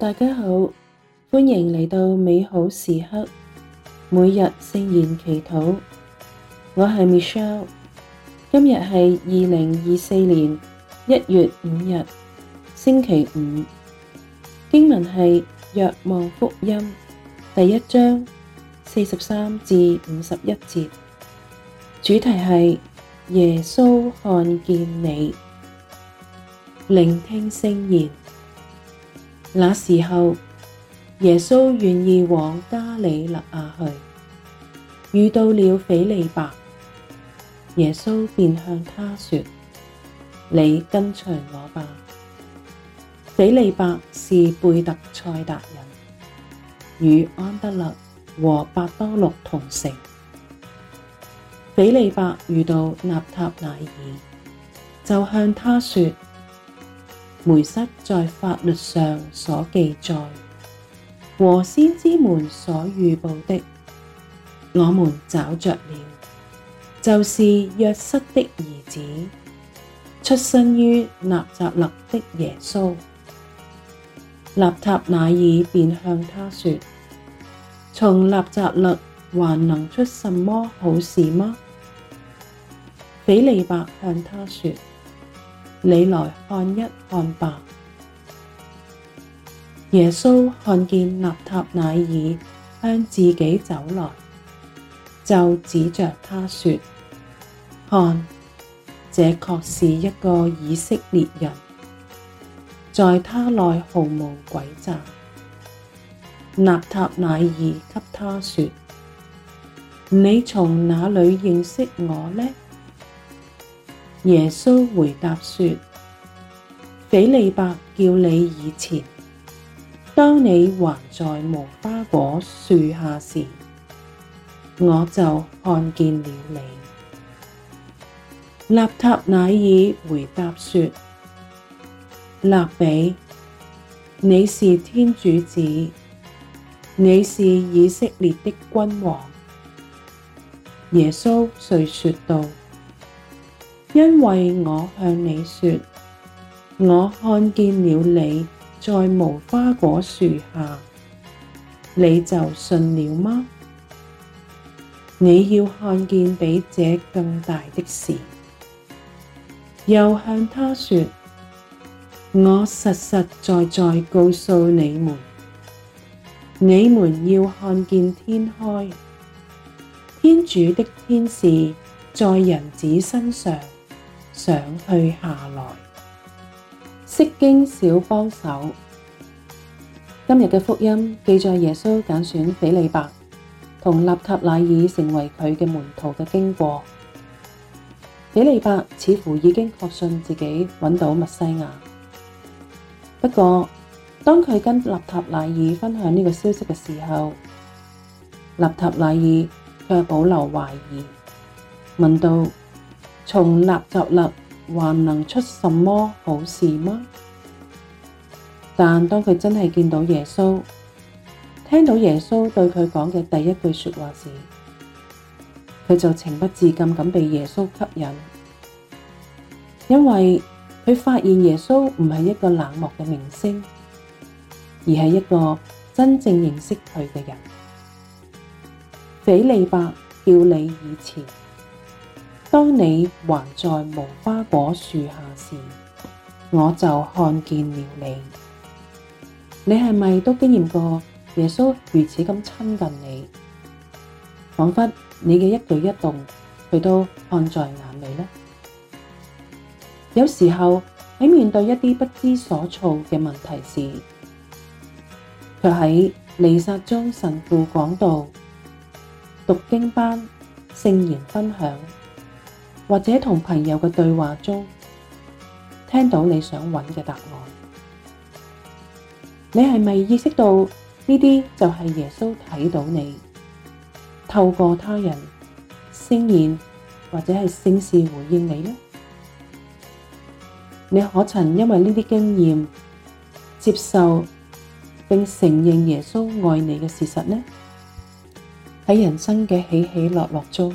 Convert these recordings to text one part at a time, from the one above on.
大家好，歡迎嚟到美好時刻，每日聖言祈禱。我係 Michelle，今日係二零二四年一月五日，星期五。經文係《若望福音》第一章四十三至五十一節，主題係耶穌看見你，聆聽聖言。那時候，耶穌願意往加里肋亞去，遇到了斐理伯，耶穌便向他說：你跟隨我吧。斐理伯是貝特賽達人，與安德肋和伯多祿同城。斐理伯遇到納塔乃耳，就向他說。梅瑟在法律上所記載，和先知們所預報的，我們找着了，就是若瑟的兒子，出身於納匝肋的耶穌。納塔乃耳便向他說：從納匝肋還能出什麼好事嗎？斐理伯向他說。你來看一看吧。耶穌看見納塔乃耳向自己走來，就指着他說：看，這確是一個以色列人，在他內毫無詭詐。納塔乃耳給他說：你從哪裏認識我呢？耶穌回答說：斐理伯，叫你以前，當你還在無花果樹下時，我就看見了你。納塔乃耳回答說：辣彼，你是天主子，你是以色列的君王。耶穌遂說道。因為我向你說，我看見了你，在無花果樹下，你就信了嗎？你要看見比這更大的事。又向他說：我實實在在告訴你們，你們要看見天開，天主的天使在人子身上，上去下來，釋經小幫手。今日嘅福音記載耶穌揀選斐理伯同納塔乃耳成為佢嘅門徒嘅經過。斐理伯似乎已經確信自己揾到默西亞，不過當佢跟納塔乃耳分享呢個消息嘅時候，納塔乃耳卻保留懷疑，問到。從納匝肋，還能出什麼好事嗎？但當佢真係見到耶穌，聽到耶穌對佢講嘅第一句說話時，佢就情不自禁咁被耶穌吸引，因為佢發現耶穌唔係一個冷漠嘅明星，而係一個真正認識佢嘅人。斐理伯叫你以前。當你還在無花果樹下時，我就看見了你。你係咪都經驗過耶穌如此咁親近你，仿佛你嘅一舉一動佢都看在眼裏呢？有時候喺面對一啲不知所措嘅問題時，卻喺彌撒中神父講道、讀經班、聖言分享。或者同朋友嘅對話中，聽到你想揾嘅答案，你係咪意識到呢啲就係耶穌睇到你，透過他人聖言或者係聖事回應你呢？你可曾因為呢啲經驗接受並承認耶穌愛你嘅事實呢？喺人生嘅起起落落中，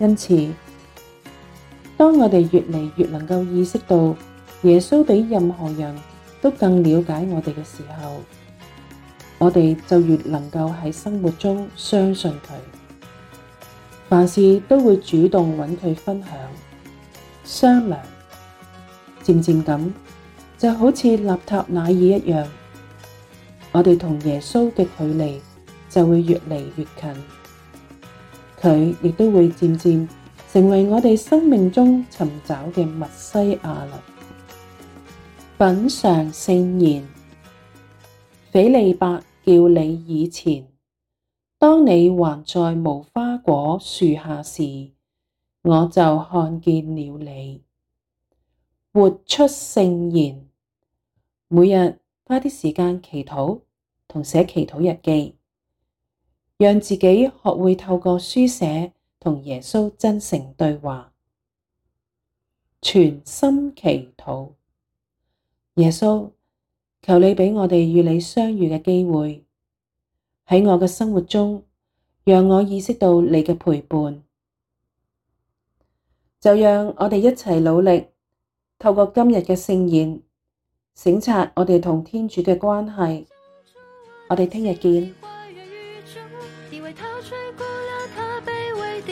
因此，當我哋越嚟越能夠意識到耶穌比任何人都更了解我哋嘅時候，我哋就越能夠喺生活中相信佢，凡事都會主動揾佢分享、商量，漸漸咁就好似納塔乃耳一樣，我哋同耶穌嘅距離就會越嚟越近。佢亦都會漸漸成為我哋生命中尋找嘅麥西亞啦。品嚐聖言，斐理伯叫你以前，當你還在無花果樹下時，我就看見了你。活出聖言，每日花啲時間祈禱同寫祈禱日記。讓自己學會透過書寫同耶穌真誠對話，全心祈禱。耶穌，求你畀我哋與你相遇嘅機會，喺我嘅生活中，讓我意識到你嘅陪伴。就讓我哋一齊努力，透過今日嘅聖言，省察我哋同天主嘅關係。我哋聽日見。